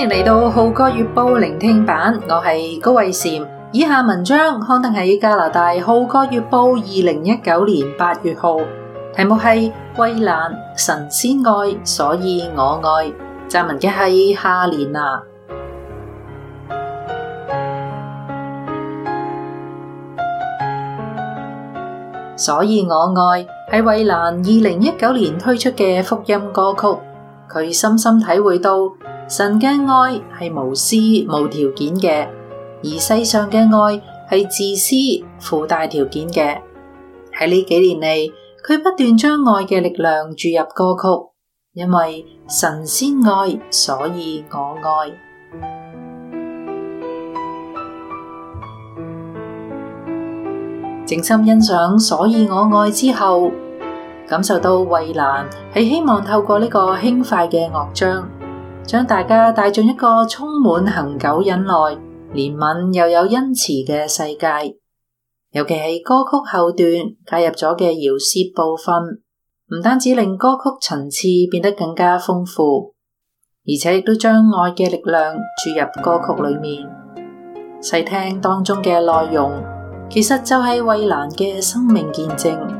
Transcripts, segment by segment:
歡迎嚟到《浩哥月報》聆聽版，我係高慧嬋。以下文章刊登喺加拿大《浩哥月報》二零一九年八月號，題目係《衛蘭神先愛》，所以我愛。撰文嘅係下聯啊，所以我愛係衛蘭二零一九年推出嘅福音歌曲。佢深深體會到神嘅愛係無私無條件嘅，而世上嘅愛係自私附帶條件嘅。喺呢幾年嚟，佢不斷將愛嘅力量注入歌曲，因為神先愛，所以我愛。靜心欣賞，所以我愛之後。感受到衛蘭係希望透過呢個輕快嘅樂章，將大家帶進一個充滿恒久忍耐、憐憫又有恩慈嘅世界。尤其係歌曲後段加入咗嘅饒舌部分，唔單止令歌曲層次變得更加豐富，而且亦都將愛嘅力量注入歌曲裏面。細聽當中嘅內容，其實就係衛蘭嘅生命見證。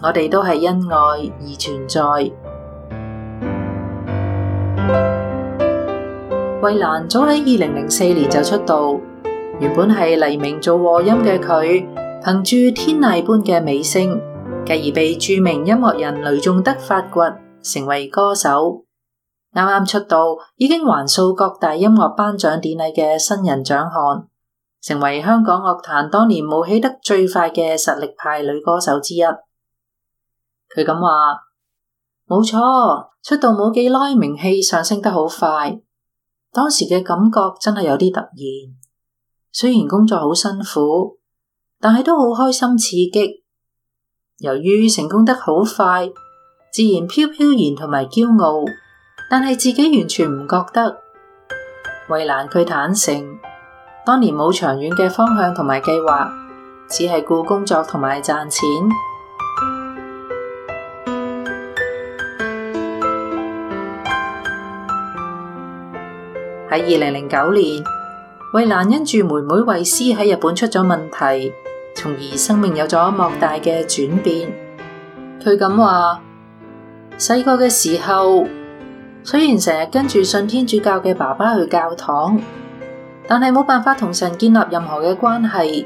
我哋都係因愛而存在。衛蘭早喺二零零四年就出道，原本係黎明做和音嘅佢，憑住天籟般嘅美聲，繼而被著名音樂人雷頌德發掘，成為歌手。啱啱出道已經橫掃各大音樂頒獎典禮嘅新人獎項，成為香港樂壇當年冒起得最快嘅實力派女歌手之一。佢咁話：冇錯，出道冇幾耐，名氣上升得好快，當時嘅感覺真係有啲突然。雖然工作好辛苦，但係都好開心刺激。由於成功得好快，自然飄飄然同埋驕傲，但係自己完全唔覺得。衛蘭佢坦誠，當年冇長遠嘅方向同埋計劃，只係顧工作同埋賺錢。喺二零零九年，衛蘭因住妹妹衛詩喺日本出咗問題，從而生命有咗莫大嘅轉變。佢咁話：細個嘅時候，雖然成日跟住信天主教嘅爸爸去教堂，但係冇辦法同神建立任何嘅關係，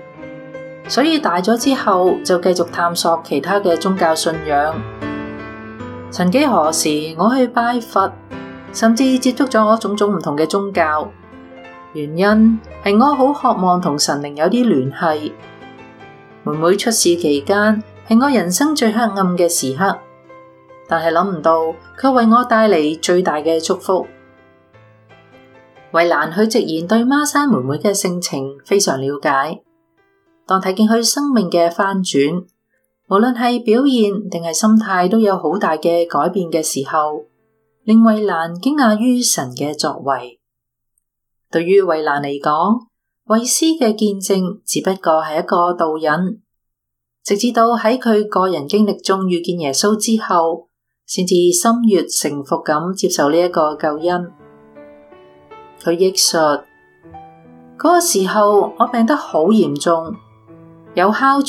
所以大咗之後就繼續探索其他嘅宗教信仰。曾幾何時，我去拜佛。甚至接觸咗我種種唔同嘅宗教原因，係我好渴望同神靈有啲聯繫。妹妹出事期間係我人生最黑暗嘅時刻，但係諗唔到佢為我帶嚟最大嘅祝福。衛蘭佢直言對孖生妹妹嘅性情非常了解，當睇見佢生命嘅翻轉，無論係表現定係心態，都有好大嘅改變嘅時候。令衛蘭驚訝於神嘅作為，對於衛蘭嚟講，衛詩嘅見證只不過係一個導引，直至到喺佢個人經歷中遇見耶穌之後，先至心悦誠服咁接受呢一個救恩。佢憶述：嗰、那個時候我病得好嚴重，有哮喘，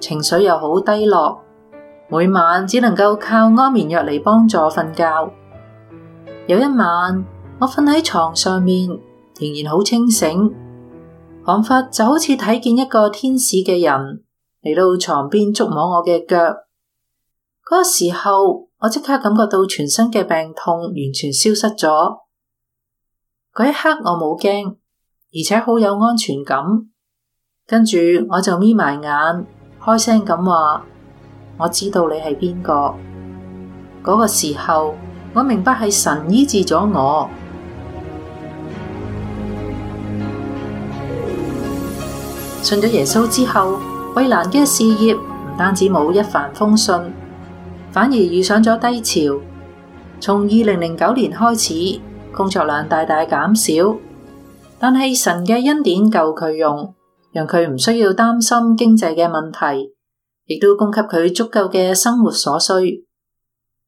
情緒又好低落，每晚只能夠靠安眠藥嚟幫助瞓覺。有一晚，我瞓喺床上面，仍然好清醒，仿佛就好似睇見一個天使嘅人嚟到床邊捉摸我嘅腳。嗰個時候，我即刻感覺到全身嘅病痛完全消失咗。嗰一刻，我冇驚，而且好有安全感。跟住我就眯埋眼，開聲咁話：我知道你係邊個。嗰個時候。我明白係神醫治咗我。信咗耶穌之後，衛蘭嘅事業唔單止冇一帆風順，反而遇上咗低潮。從二零零九年開始，工作量大大減少，但係神嘅恩典夠佢用，讓佢唔需要擔心經濟嘅問題，亦都供給佢足夠嘅生活所需。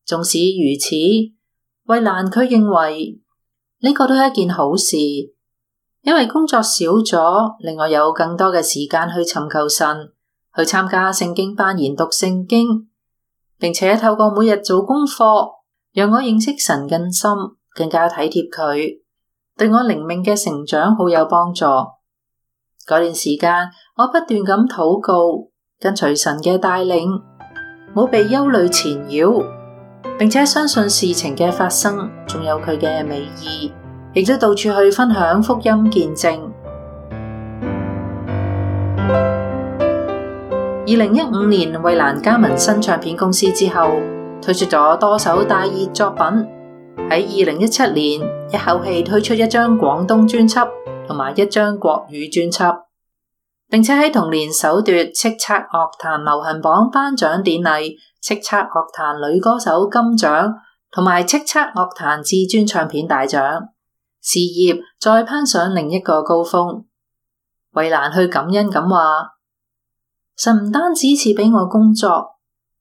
縱使如此。衛蘭，佢認為呢個都係一件好事，因為工作少咗，令我有更多嘅時間去尋求神，去參加聖經班研讀聖經，並且透過每日做功課，讓我認識神更深，更加體貼佢，對我靈命嘅成長好有幫助。嗰段時間，我不斷咁禱告，跟隨神嘅帶領，冇被憂慮纏繞。並且相信事情嘅發生仲有佢嘅美意，亦都到處去分享福音見證。二零一五年，衛蘭加盟新唱片公司之後，推出咗多首大熱作品。喺二零一七年，一口氣推出一張廣東專輯同埋一張國語專輯，並且喺同年首奪叱咤樂壇流行榜頒獎典禮。叱咤樂壇女歌手金獎同埋叱咤樂壇至尊唱片大獎，事業再攀上另一個高峰。衛蘭去感恩咁話：神唔單止賜俾我工作，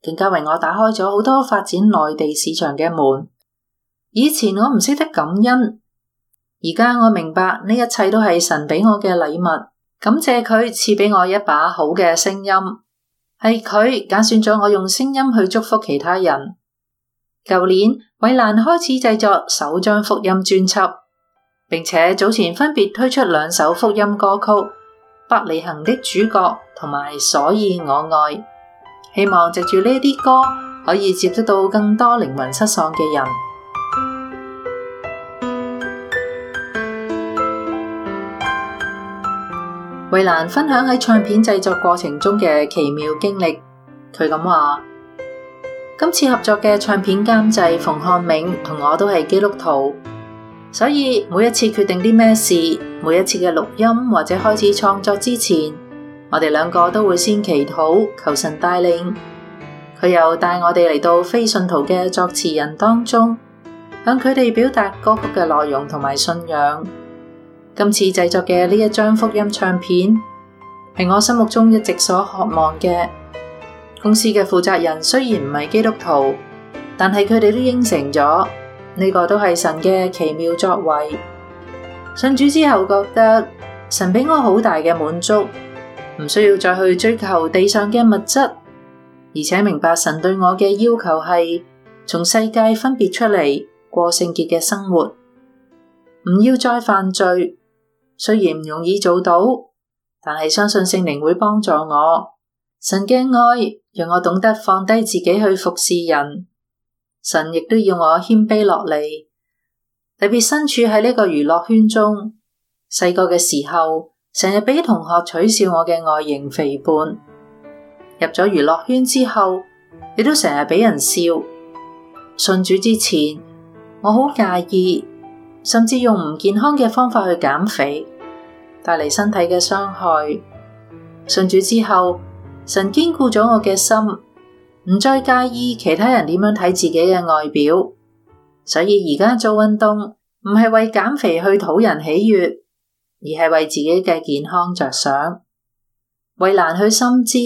更加為我打開咗好多發展內地市場嘅門。以前我唔識得感恩，而家我明白呢一切都係神俾我嘅禮物，感謝佢賜俾我一把好嘅聲音。係佢揀選咗我用聲音去祝福其他人。舊年，衛蘭開始製作首張福音專輯，並且早前分別推出兩首福音歌曲《百里行的主角》同埋《所以我愛》，希望藉住呢啲歌可以接得到更多靈魂失喪嘅人。衛蘭分享喺唱片製作過程中嘅奇妙經歷，佢咁話：今次合作嘅唱片監製馮漢明同我都係基督徒，所以每一次決定啲咩事，每一次嘅錄音或者開始創作之前，我哋兩個都會先祈禱，求神帶領。佢又帶我哋嚟到非信徒嘅作詞人當中，向佢哋表達歌曲嘅內容同埋信仰。今次製作嘅呢一張福音唱片，係我心目中一直所渴望嘅。公司嘅負責人雖然唔係基督徒，但係佢哋都應承咗。呢個都係神嘅奇妙作為。信主之後，覺得神俾我好大嘅滿足，唔需要再去追求地上嘅物質，而且明白神對我嘅要求係從世界分別出嚟，過聖潔嘅生活，唔要再犯罪。雖然唔容易做到，但係相信聖靈會幫助我。神嘅愛讓我懂得放低自己去服侍人，神亦都要我謙卑落嚟。特別身處喺呢個娛樂圈中，細個嘅時候成日俾同學取笑我嘅外形肥胖，入咗娛樂圈之後，亦都成日俾人笑。信主之前，我好介意。甚至用唔健康嘅方法去減肥，帶嚟身體嘅傷害。信主之後，神堅固咗我嘅心，唔再介意其他人點樣睇自己嘅外表。所以而家做運動，唔係為減肥去討人喜悅，而係為自己嘅健康着想。衛蘭去深知，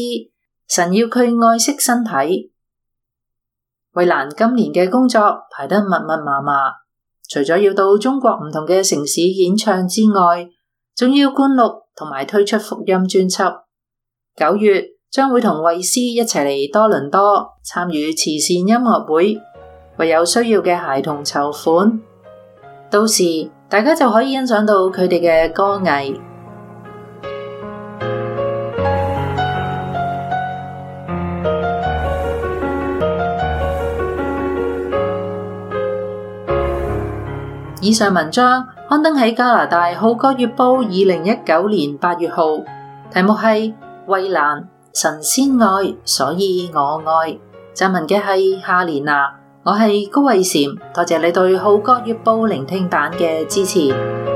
神要佢愛惜身體。衛蘭今年嘅工作排得密密麻麻。除咗要到中國唔同嘅城市演唱之外，仲要灌錄同埋推出福音專輯。九月將會同衛詩一齊嚟多倫多參與慈善音樂會，為有需要嘅孩童籌款。到時大家就可以欣賞到佢哋嘅歌藝。以上文章刊登喺加拿大《號角月報》二零一九年八月號，題目係《衛蘭，神先愛》，所以我愛。撰文嘅係夏連娜，我係高慧嬋，多謝你對《號角月報》聆聽版嘅支持。